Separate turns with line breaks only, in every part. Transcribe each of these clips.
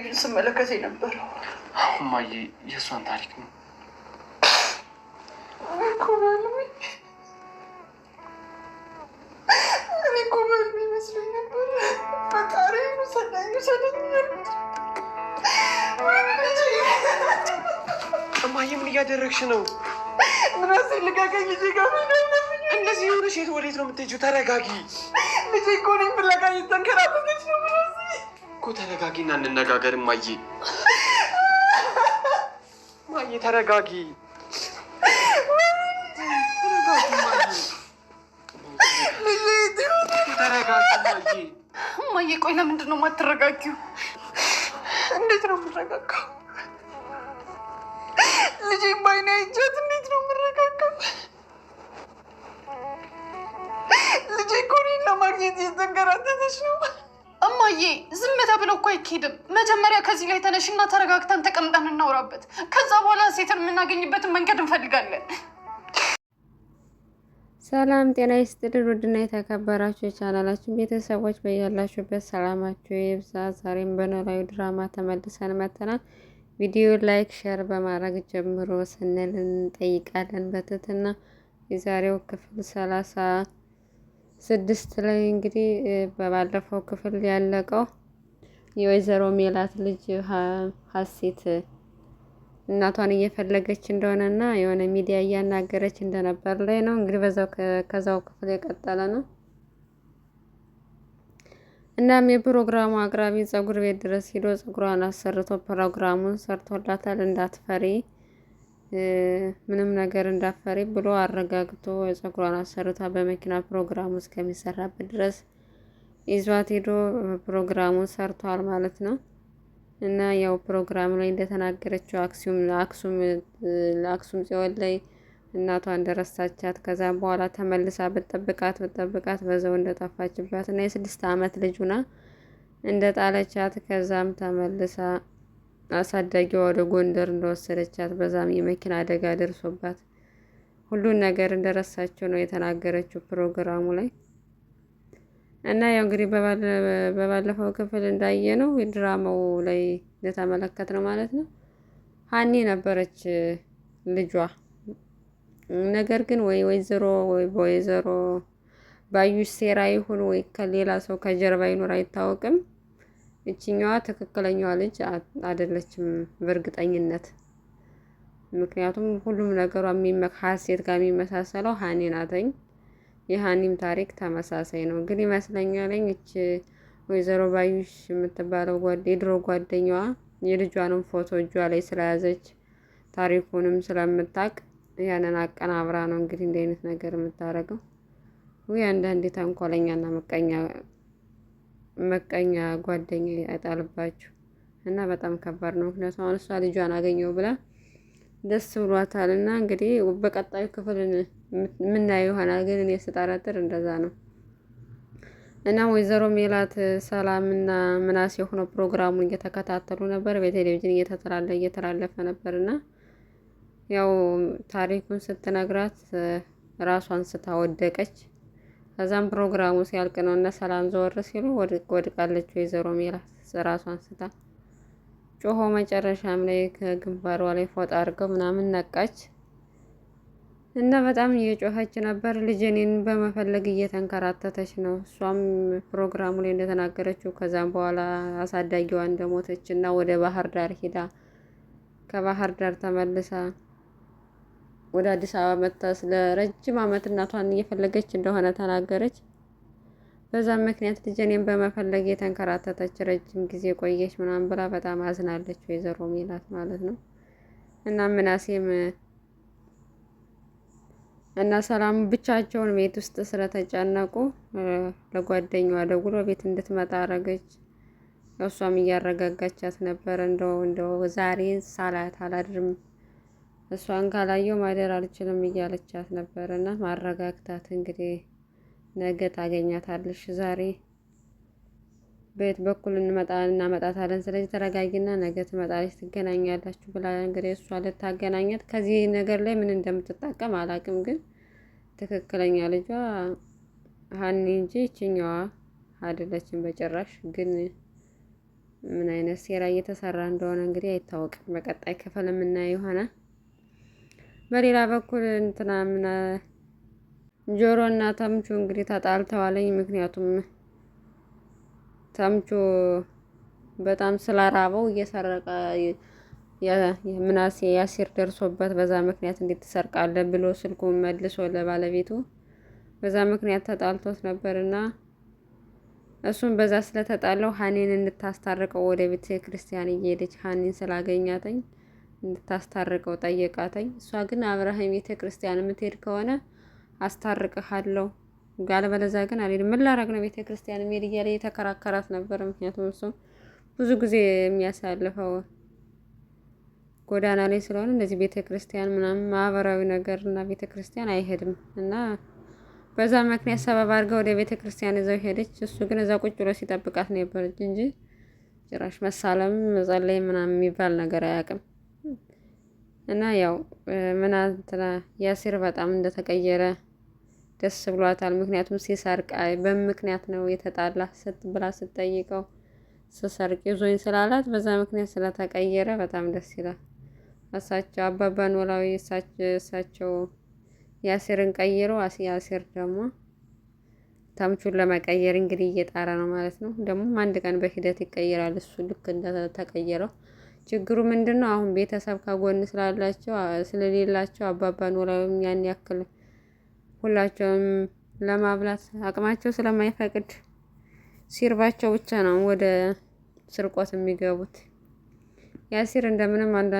ይህን ስመለከት የነበረው
አሁን ማየ የእሷን ታሪክ ነው። እማዬ ምን እያደረግሽ ነው?
ራሴ ልጋገኝ ዜጋ
እንደዚህ የሆነሽ የት ወዴት ነው የምትሄጂው? ተረጋጊ
ልጄ እኮ ነኝ ፍለጋ እየተንከራተተች ነው
እኮ ተረጋጊና እንነጋገር ማዬ። ማየ ማየ ተረጋጊ
ማየ ቆይ ለምንድን ነው የማትረጋጊው? እንዴት ነው የምረጋጋው? ልጄ ባይና ይጃት እንዴት ነው የምረጋጋው? ልጄ እኮ እኔን ለማግኘት የተንገራተተች ነው። እማዬ ዝም ተብሎ እኮ አይኬድም መጀመሪያ ከዚህ ላይ ተነሽና ተረጋግተን ተቀምጠን እናውራበት። ከዛ በኋላ ሴትን የምናገኝበትን መንገድ እንፈልጋለን።
ሰላም ጤና ይስጥልን። ውድና የተከበራችሁ የቻናላችን ቤተሰቦች በያላችሁበት ሰላማችሁ ይብዛ። ዛሬም በኖላዊ ድራማ ተመልሰን መተናል። ቪዲዮ ላይክ፣ ሼር በማድረግ ጀምሮ ስንል እንጠይቃለን በትህትና የዛሬው ክፍል ሰላሳ ስድስት ላይ እንግዲህ በባለፈው ክፍል ያለቀው የወይዘሮ ሜላት ልጅ ሀሴት እናቷን እየፈለገች እንደሆነና የሆነ ሚዲያ እያናገረች እንደነበር ላይ ነው እንግዲህ በዛው ከዛው ክፍል የቀጠለ ነው። እናም የፕሮግራሙ አቅራቢ ፀጉር ቤት ድረስ ሂዶ ፀጉሯን አሰርቶ ፕሮግራሙን ሰርቶላታል። እንዳትፈሪ ምንም ነገር እንዳፈሬ ብሎ አረጋግቶ ፀጉሯን አሰርታ በመኪና ፕሮግራሙ እስከሚሰራበት ድረስ ይዟት ሄዶ ፕሮግራሙን ሰርቷል ማለት ነው። እና ያው ፕሮግራም ላይ እንደተናገረችው አክሱም አክሱም አክሱም ጽዮን ላይ እናቷ እንደረሳቻት ከዛ በኋላ ተመልሳ በጠብቃት በጠብቃት በዛው እንደጠፋችባት እና የስድስት አመት ልጁና እንደጣለቻት ከዛም ተመልሳ አሳዳጊዋ ወደ ጎንደር እንደወሰደቻት በዛም የመኪና አደጋ ደርሶባት ሁሉን ነገር እንደረሳቸው ነው የተናገረችው ፕሮግራሙ ላይ እና ያው እንግዲህ በባለፈው ክፍል እንዳየ ነው ድራማው ላይ እንደተመለከት ነው ማለት ነው። ሀኒ ነበረች ልጇ። ነገር ግን ወይ ወይዘሮ ወይ በወይዘሮ ባዩሽ ሴራ ይሁን ወይ ከሌላ ሰው ከጀርባ ይኖር አይታወቅም። እችኛዋ ትክክለኛዋ ልጅ አይደለችም በእርግጠኝነት። ምክንያቱም ሁሉም ነገሯ ሀሴት ጋር የሚመሳሰለው ሀኒ ናተኝ። የሀኒም ታሪክ ተመሳሳይ ነው። ግን ይመስለኛል እች ወይዘሮ ባዩሽ የምትባለው የድሮ ጓደኛዋ የልጇንም ፎቶ እጇ ላይ ስለያዘች ታሪኩንም ስለምታቅ ያንን አቀናብራ ነው እንግዲህ እንዲህ አይነት ነገር የምታደርገው። ወይ አንዳንዴ ተንኮለኛና መቀኛ መቀኛ ጓደኛ ያጣልባችሁ እና በጣም ከባድ ነው። ምክንያቱም አሁን እሷ ልጇን አገኘው ብላ ደስ ብሏታል። እና እንግዲህ በቀጣዩ ክፍል የምናየው ይሆናል። ግን እኔ ስጠረጥር እንደዛ ነው። እና ወይዘሮ ሜላት ሰላምና ምናሴ የሆነ ፕሮግራሙን እየተከታተሉ ነበር። በቴሌቪዥን እየተላለፈ ነበር እና ያው ታሪኩን ስትነግራት ራሷን ስታወደቀች ከዛም ፕሮግራሙ ሲያልቅ ነው እነ ሰላም ዘወር ሲሉ ወድቃለች ወይዘሮ ሜላት ራሷን ስታ ጮሆ መጨረሻም ላይ ከግንባሯ ላይ ፎጣ አድርገው ምናምን ነቃች እና በጣም እየጮኸች ነበር። ልጅኔን በመፈለግ እየተንከራተተች ነው። እሷም ፕሮግራሙ ላይ እንደተናገረችው ከዛም በኋላ አሳዳጊዋ እንደሞተች እና ወደ ባህር ዳር ሂዳ ከባህር ዳር ተመልሳ ወደ አዲስ አበባ መጥታ ስለ ረጅም ዓመት እናቷን እየፈለገች እንደሆነ ተናገረች። በዛም ምክንያት ልጄን በመፈለግ የተንከራተተች ረጅም ጊዜ ቆየች ምናምን ብላ በጣም አዝናለች ወይዘሮ ሜላት ማለት ነው። እና ምናሴም እና ሰላም ብቻቸውን ቤት ውስጥ ስለተጨነቁ ለጓደኛዋ ደውሎ ቤት እንድትመጣ አረገች። እሷም እያረጋጋቻት ነበረ። እንደው እንደው ዛሬ ሳላት አላድርም እሷን ካላየው ማደር አልችልም እያለቻት ነበር እና ማረጋግታት እንግዲህ ነገ ታገኛታለሽ። ዛሬ በየት በኩል እንመጣ እናመጣታለን። ስለዚህ ተረጋጊና ነገ ትመጣለች ትገናኛላችሁ ብላ እንግዲህ እሷ ልታገናኘት ከዚህ ነገር ላይ ምን እንደምትጠቀም አላቅም፣ ግን ትክክለኛ ልጇ ሀኒ እንጂ ይችኛዋ አይደለችም በጭራሽ። ግን ምን አይነት ሴራ እየተሰራ እንደሆነ እንግዲህ አይታወቅም። በቀጣይ ክፍል የምናየው ይሆናል። በሌላ በኩል እንትና ምን ጆሮ እና ተምቹ እንግዲህ ተጣልተዋለኝ። ምክንያቱም ተምቹ በጣም ስላራበው እየሰረቀ የምናሴ ያሲር ደርሶበት በዛ ምክንያት እንዴት ትሰርቃለ ብሎ ስልኩ መልሶ ለባለቤቱ በዛ ምክንያት ተጣልቶት ነበርና እሱም በዛ ስለተጣለው ሀኔን እንድታስታርቀው ወደ ቤተ ክርስቲያን እየሄደች ሀኔን ስላገኛተኝ እንድታስታርቀው ጠየቃተኝ። እሷ ግን አብርሃም ቤተ ክርስቲያን የምትሄድ ከሆነ አስታርቅሃለሁ አለበለዛ ግን አልሄድም። ምን ላረግ ነው ቤተ ክርስቲያን የሚሄድ እያለ የተከራከራት ነበር። ምክንያቱም እሱም ብዙ ጊዜ የሚያሳልፈው ጎዳና ላይ ስለሆነ እንደዚህ ቤተ ክርስቲያን ምናምን ማህበራዊ ነገር እና ቤተ ክርስቲያን አይሄድም እና በዛ ምክንያት ሰበብ አድርገ ወደ ቤተ ክርስቲያን ይዘው ሄደች። እሱ ግን እዛ ቁጭ ብሎ ሲጠብቃት ነው የበረች እንጂ ጭራሽ መሳለም መጸለይ ምናምን የሚባል ነገር አያውቅም። እና ያው ምናንትና ያሲር በጣም እንደተቀየረ ደስ ብሏታል። ምክንያቱም ሲሰርቅ በምክንያት ነው የተጣላ ስት ብላ ስትጠይቀው ስሰርቅ ይዞኝ ስላላት በዛ ምክንያት ስለተቀየረ በጣም ደስ ይላል። እሳቸው አባባ ኖላዊ እሳቸው ያሲርን ቀይሮ ያሲር ደግሞ ታምቹን ለመቀየር እንግዲህ እየጣረ ነው ማለት ነው። ደግሞ አንድ ቀን በሂደት ይቀየራል እሱ ልክ እንደተቀየረው ችግሩ ምንድን ነው? አሁን ቤተሰብ ከጎን ስላላቸው ስለሌላቸው አባባን ኖላዊም ያን ያክል ሁላቸውም ለማብላት አቅማቸው ስለማይፈቅድ ሲርባቸው ብቻ ነው ወደ ስርቆት የሚገቡት። ያሲር እንደምንም አንድ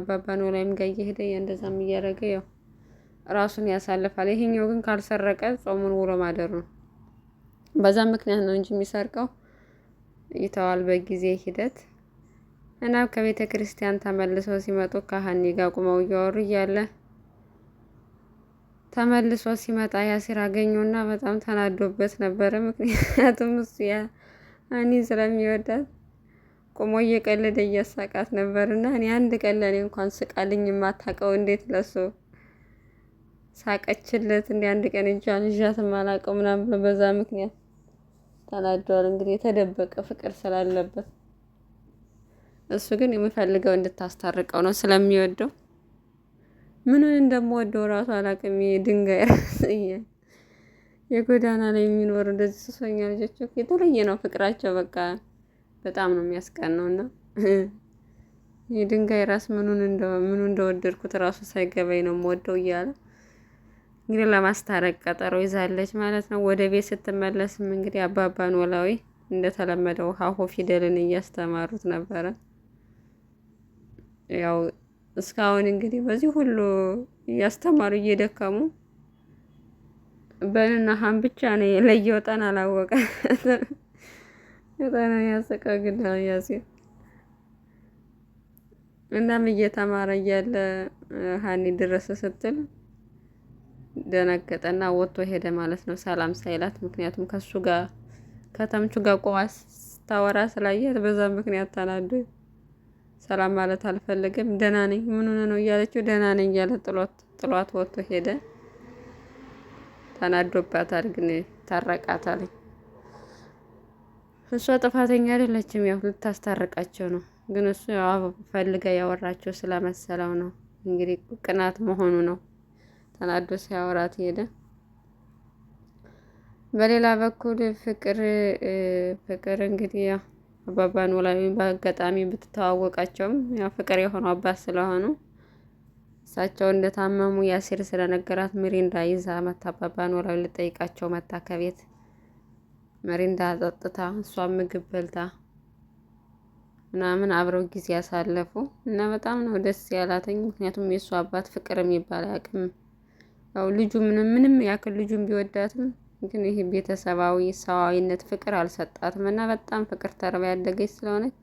አባባ ኖላዊም ጋር እየሄደ እንደዛም እያደረገ ያው ራሱን ያሳልፋል። ይሄኛው ግን ካልሰረቀ ጾሙን ውሎ ማደር ነው። በዛ ምክንያት ነው እንጂ የሚሰርቀው ይተዋል በጊዜ ሂደት እናም ከቤተ ክርስቲያን ተመልሰው ሲመጡ ከሀኒ ጋር ቁመው እያወሩ እያለ ተመልሶ ሲመጣ ያሲር አገኘውና በጣም ተናዶበት ነበረ። ምክንያቱም እሱ ሀኒ ስለሚወዳት ቁሞ እየቀለደ እያሳቃት ነበር እና እኔ አንድ ቀን ለእኔ እንኳን ስቃልኝ የማታውቀው እንዴት ለሱ ሳቀችለት እንዲ አንድ ቀን እጇን እዣት ማላቀው ምናምን ብሎ በዛ ምክንያት ተናደዋል እንግዲህ የተደበቀ ፍቅር ስላለበት እሱ ግን የሚፈልገው እንድታስታርቀው ነው ስለሚወደው። ምንን እንደምወደው ራሱ አላውቅም። ድንጋይ ራስየ የጎዳና ላይ የሚኖር እንደዚህ ሱሰኛ ልጆች የተለየ ነው ፍቅራቸው። በቃ በጣም ነው የሚያስቀነው እና የድንጋይ ራስ ምኑ እንደወደድኩት ራሱ ሳይገባኝ ነው የምወደው እያለ እንግዲህ ለማስታረቅ ቀጠሮ ይዛለች ማለት ነው። ወደ ቤት ስትመለስም እንግዲህ አባባን ኖላዊ እንደተለመደው ሀሆ ፊደልን እያስተማሩት ነበረ። ያው እስካሁን እንግዲህ በዚህ ሁሉ እያስተማሩ እየደከሙ በንና ሀም ብቻ ነው የለየው። ጠና አላወቀ ጠና ያሰቃግዳ ያሴት እናም እየተማረ እያለ ሀኒ ደረሰ ስትል ደነገጠና ወጥቶ ሄደ ማለት ነው፣ ሰላም ሳይላት። ምክንያቱም ከሱ ጋር ከተምቹ ጋር ቆማ ስታወራ ስላያት በዛ ምክንያት ተናዶ ሰላም ማለት አልፈለገም። ደህና ነኝ ምን ሆነ ነው እያለችው ደህና ነኝ እያለ ጥሏት ጥሏት ወጥቶ ሄደ። ተናዶባታል፣ ግን ታረቃታለች። እሷ ጥፋተኛ አይደለችም፣ ያው ልታስታርቃቸው ነው። ግን እሱ ፈልጋ ያወራቸው ስለመሰለው ነው እንግዲህ ቅናት መሆኑ ነው። ተናዶ ሲያወራት ሄደ። በሌላ በኩል ፍቅር ፍቅር እንግዲህ ያው አባባ ኖላዊን በአጋጣሚ ብትተዋወቃቸውም ያው ፍቅር የሆኑ አባት ስለሆኑ እሳቸው እንደታመሙ ያሲር ስለነገራት ምሪንዳ ይዛ መታ አባባ ኖላዊ ልጠይቃቸው መታ ከቤት ምሪንዳ ጠጥታ እሷም ምግብ በልታ ምናምን አብረው ጊዜ ያሳለፉ እና በጣም ነው ደስ ያላተኝ። ምክንያቱም የእሱ አባት ፍቅር የሚባል አያውቅም። ያው ልጁ ምንም ምንም ያክል ልጁን ቢወዳትም ግን ይሄ ቤተሰባዊ ሰዋዊነት ፍቅር አልሰጣትም እና በጣም ፍቅር ተርባ ያደገች ስለሆነች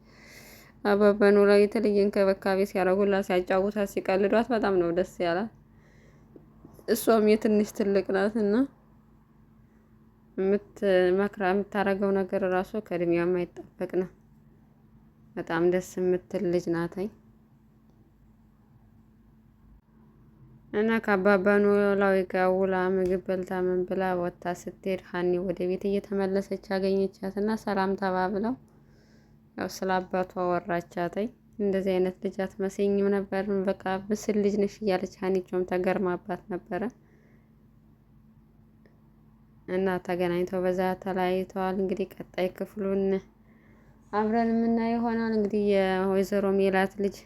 አባበኑ ላይ የተለየ እንክብካቤ ሲያደርጉላት፣ ሲያጫውታት፣ ሲቀልዷት በጣም ነው ደስ ያላት። እሷም የትንሽ ትልቅ ናት እና የምትመክራ የምታደርገው ነገር ራሱ ከእድሜዋ የማይጠበቅ ነው። በጣም ደስ የምትል ልጅ ናትኝ። እና ከአባባ ኖላዊ ጋር ውላ ምግብ በልታ ምን ብላ ወጥታ ስትሄድ ሀኒ ወደ ቤት እየተመለሰች አገኘቻት እና ሰላም ተባብለው ያው ስለ አባቷ እንደዚህ አይነት ልጅ አትመስኝም ነበር፣ በቃ ብስል ልጅ ነሽ እያለች ሀኒቾም ተገርማባት ነበረ እና ተገናኝተው በዛ ተለያይተዋል። እንግዲህ ቀጣይ ክፍሉን አብረን የምናየው ይሆናል። እንግዲህ የወይዘሮ ሜላት ልጅ